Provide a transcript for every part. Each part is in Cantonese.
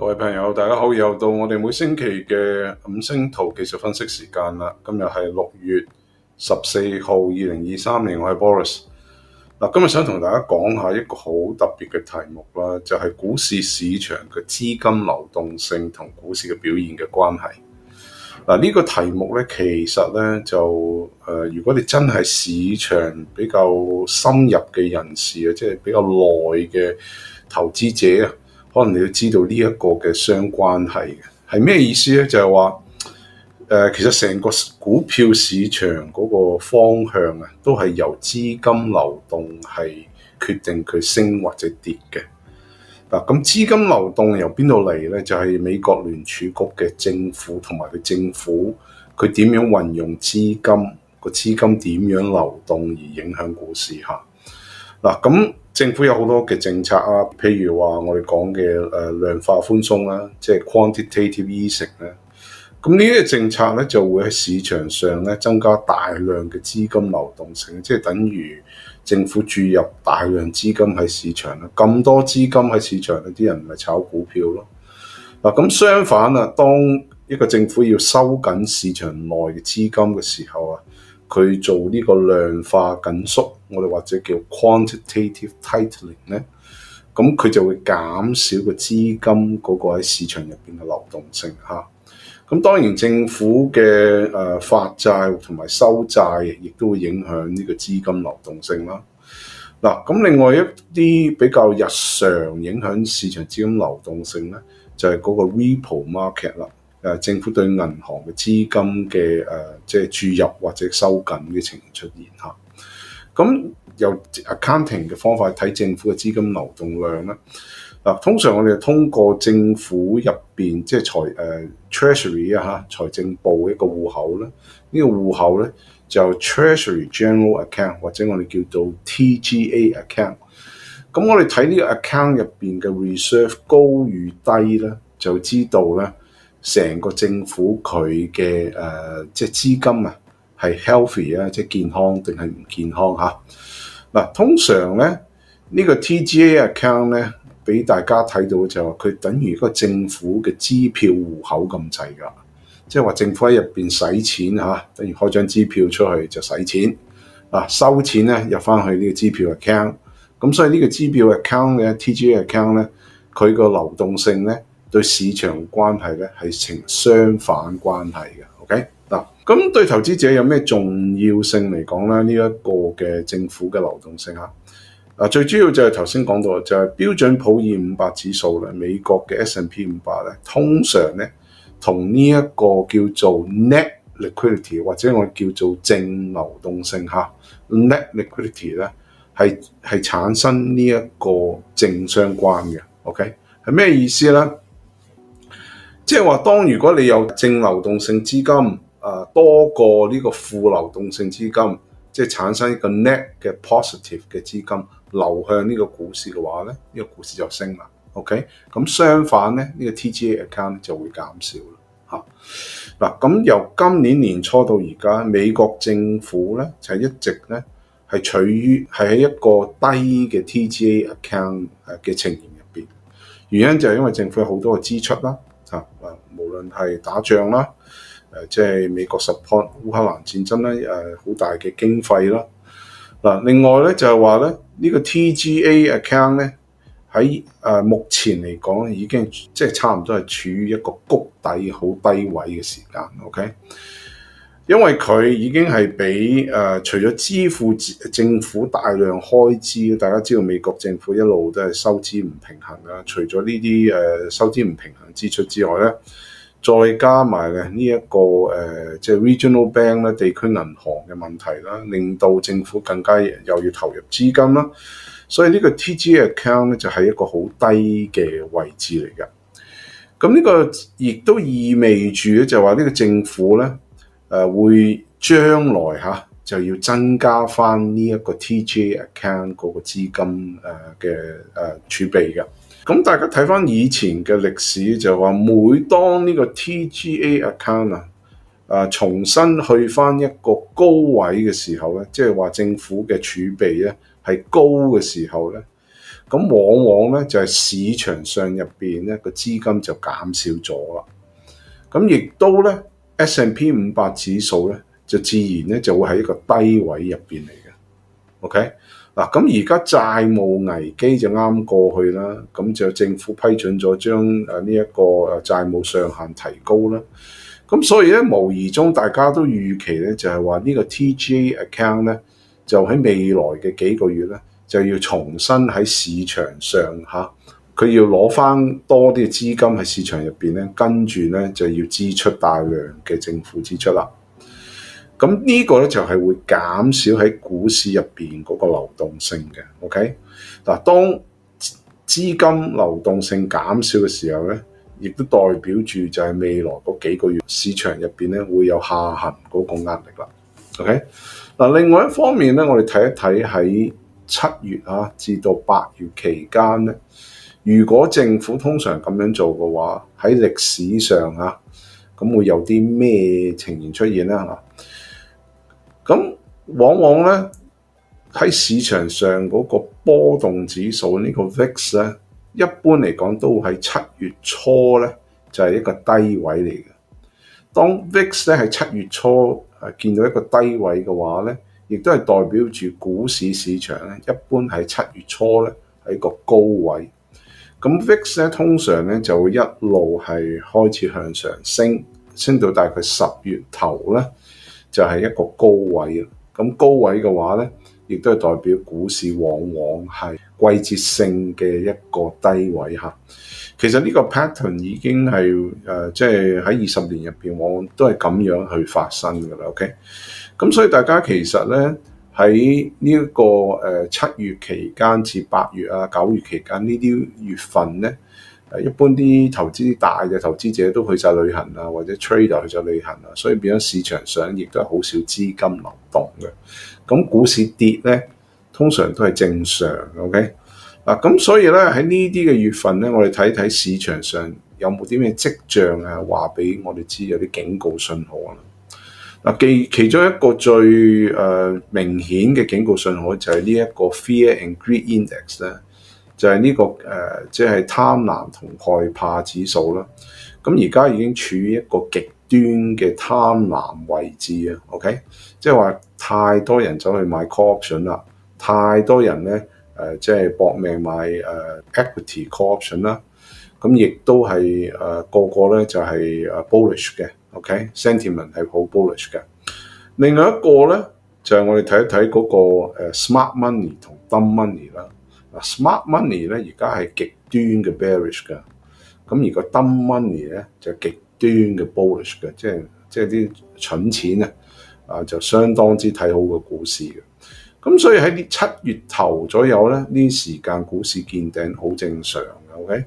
各位朋友，大家好，又到我哋每星期嘅五星圖技術分析時間啦。今日係六月十四號，二零二三年，我係 Boris。嗱，今日想同大家講下一個好特別嘅題目啦，就係股市市場嘅資金流動性同股市嘅表現嘅關係。嗱，呢個題目呢，其實呢，就誒，如果你真係市場比較深入嘅人士啊，即係比較耐嘅投資者啊。可能你要知道呢一個嘅相關係嘅，係咩意思咧？就係、是、話，誒、呃，其實成個股票市場嗰個方向啊，都係由資金流動係決定佢升或者跌嘅。嗱，咁資金流動由邊度嚟咧？就係、是、美國聯儲局嘅政府同埋佢政府，佢點樣運用資金？個資金點樣流動而影響股市下。嗱，咁政府有好多嘅政策啊，譬如話我哋講嘅誒量化寬鬆啦，即係 quantitative easing 咧。咁呢啲政策咧就會喺市場上咧增加大量嘅資金流動性，即係等於政府注入大量資金喺市場啦。咁多資金喺市場，啲人咪炒股票咯。嗱，咁相反啊，當一個政府要收緊市場內嘅資金嘅時候啊，佢做呢個量化緊縮。我哋或者叫 quantitative tightening 咧，咁佢就會減少個資金嗰個喺市場入邊嘅流動性吓、啊，咁當然政府嘅誒、呃、發債同埋收債亦都會影響呢個資金流動性啦、啊。嗱，咁另外一啲比較日常影響市場資金流動性咧，就係、是、嗰個 repo market 啦。誒、呃，政府對銀行嘅資金嘅誒即係注入或者收緊嘅情形出現吓、啊。咁由 accounting 嘅方法睇政府嘅資金流動量啦。嗱、啊、通常我哋通過政府入面，即、就、係、是、財誒、uh, treasury 啊嚇財政部一個戶口啦。呢、這個戶口咧就 treasury general account 或者我哋叫做 TGA account。咁我哋睇呢個 account 入面嘅 reserve 高與低咧，就知道咧成個政府佢嘅誒即係資金啊。係 healthy 啊，即係健康定係唔健康嚇。嗱、啊，通常咧呢個 TGA account 咧，俾大家睇到就係佢等於嗰個政府嘅支票戶口咁滯㗎，即係話政府喺入邊使錢嚇、啊、等於開張支票出去就使錢啊，收錢咧入翻去呢個支票 account，咁所以呢個支票 account 咧，TGA account 咧，佢個流動性咧，對市場關係咧係呈相反關係㗎。咁對投資者有咩重要性嚟講咧？呢、這、一個嘅政府嘅流動性、啊、最主要就係頭先講到就係標準普爾五百指數咧，美國嘅 S&P 五百咧，通常咧同呢一個叫做 net liquidity 或者我叫做淨流動性嚇、啊、net liquidity 咧係係產生呢一個正相關嘅。OK 係咩意思咧？即係話當如果你有淨流動性資金。誒多過呢個負流動性資金，即、就、係、是、產生一個 net 嘅 positive 嘅資金流向呢個股市嘅話咧，呢、這個股市就升啦。OK，咁相反咧，呢、這個 TGA account 就會減少啦。嗱、啊，咁由今年年初到而家，美國政府咧就一直咧係處於係喺一個低嘅 TGA account 嘅情形入邊，原因就係因為政府有好多嘅支出啦。嚇、啊、誒，無論係打仗啦。誒即係美國 support 烏克蘭戰爭咧，誒好大嘅經費啦。嗱，另外咧就係話咧，呢個 TGA account 咧喺誒目前嚟講已經即係差唔多係處於一個谷底，好低位嘅時間，OK？因為佢已經係俾誒除咗支付政府大量開支，大家知道美國政府一路都係收支唔平衡啊。除咗呢啲誒收支唔平衡支出之外咧。再加埋呢一個即係、就是、Regional Bank 咧地區銀行嘅問題啦，令到政府更加又要投入資金啦，所以呢個 TGA account 咧就係一個好低嘅位置嚟嘅。咁呢個亦都意味住咧，就話呢個政府咧誒會將來就要增加翻呢一個 TGA account 嗰個資金嘅誒儲備嘅。咁大家睇翻以前嘅歷史，就係話每當呢個 TGA account 啊、啊重新去翻一個高位嘅時候咧，即係話政府嘅儲備咧係高嘅時候咧，咁往往咧就係、是、市場上入面咧個資金就減少咗啦。咁亦都咧 S and P 五百指數咧就自然咧就會喺一個低位入面嚟嘅。OK。嗱、啊，咁而家債務危機就啱過去啦，咁就政府批准咗將呢一個誒債務上限提高啦，咁所以咧，無疑中大家都預期咧，就係話呢個 TGA account 咧，就喺未來嘅幾個月咧，就要重新喺市場上嚇，佢、啊、要攞翻多啲資金喺市場入面，咧，跟住咧就要支出大量嘅政府支出啦。咁呢個咧就係會減少喺股市入面嗰個流動性嘅。OK 嗱，當資金流動性減少嘅時候咧，亦都代表住就係未來嗰幾個月市場入面咧會有下行嗰個壓力啦。OK 嗱，另外一方面咧，我哋睇一睇喺七月啊至到八月期間咧，如果政府通常咁樣做嘅話，喺歷史上啊，咁會有啲咩情形出現呢？咁往往呢，喺市場上嗰個波動指數呢、呢個 VIX 呢一般嚟講都喺七月初呢，就係、係、一個低位嚟嘅。當 VIX 呢喺七月初見、啊、見到一個低位嘅話呢，亦都係代表住股市市場呢一般喺七月初呢喺個高位。咁 VIX 呢，通常呢就會一路係開始向上升，升到大概十月頭呢。就係、是、一個高位啊，咁高位嘅話呢，亦都係代表股市往往係季節性嘅一個低位嚇。其實呢個 pattern 已經係誒，即係喺二十年入邊，往往都係咁樣去發生噶啦。OK，咁所以大家其實呢，喺呢一個七月期間至八月啊、九月期間呢啲月份呢。一般啲投資大嘅投資者都去晒旅行啊，或者 trader 去曬旅行啊，所以變咗市場上亦都係好少資金流動嘅。咁股市跌呢，通常都係正常，OK？嗱，咁所以呢，喺呢啲嘅月份呢，我哋睇睇市場上有冇啲咩跡象啊，話俾我哋知有啲警告信號啊。嗱，其其中一個最、呃、明顯嘅警告信號就係呢一個 Fear and Greed Index 咧。就係、是、呢、這個誒，即、呃、係、就是、貪婪同害怕指數啦。咁而家已經處於一個極端嘅貪婪位置啊。OK，即係話太多人走去買 corruption 啦，太多人咧誒，即係搏命買誒、呃、equity corruption 啦。咁亦都係誒、呃、個個咧就係 bullish 嘅。OK，sentiment、okay? 係好 bullish 嘅。另外一個咧就係、是、我哋睇一睇嗰個 smart money 同 dumb money 啦。Smart money 咧，而家係極端嘅 bearish 噶，咁而個 dumb money 咧就極端嘅 bullish 㗎。即係即係啲蠢錢呢，啊就相當之睇好個股市嘅。咁所以喺七月頭左右咧，呢時間股市見頂好正常嘅。OK，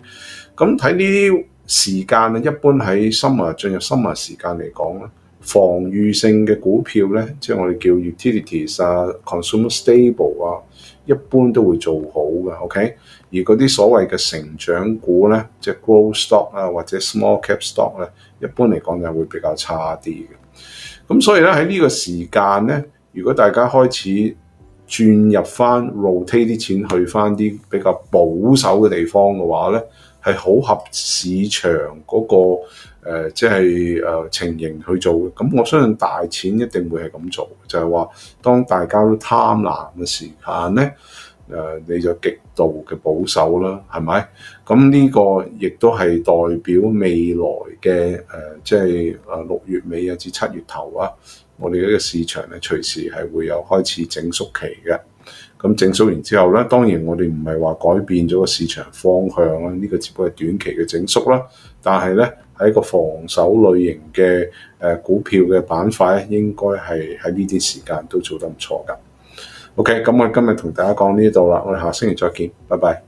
咁睇呢啲時間啊，一般喺 summer 進入 summer 時間嚟講咧，防禦性嘅股票咧，即係我哋叫 utilities 啊、consumer stable 啊，一般都會做好嘅，OK。而嗰啲所謂嘅成長股咧，即係 growth stock 啊或者 small cap stock 咧，一般嚟講就會比較差啲嘅。咁所以咧喺呢個時間咧，如果大家開始轉入翻 rotate 啲錢去翻啲比較保守嘅地方嘅話咧，係好合市場嗰、那個即係誒情形去做嘅。咁我相信大錢一定會係咁做，就係、是、話，當大家都貪婪嘅時間咧，誒、啊呃、你就極度嘅保守啦，係咪？咁呢個亦都係代表未來嘅誒，即係誒六月尾啊至七月頭啊，我哋呢個市場咧隨時係會有開始整縮期嘅。咁整縮完之後咧，當然我哋唔係話改變咗個市場方向啦，呢個只不過係短期嘅整縮啦。但係咧，喺個防守類型嘅誒股票嘅板塊，應該係喺呢啲時間都做得唔錯噶。OK，咁我哋今日同大家講呢度啦，我哋下星期再見，拜拜。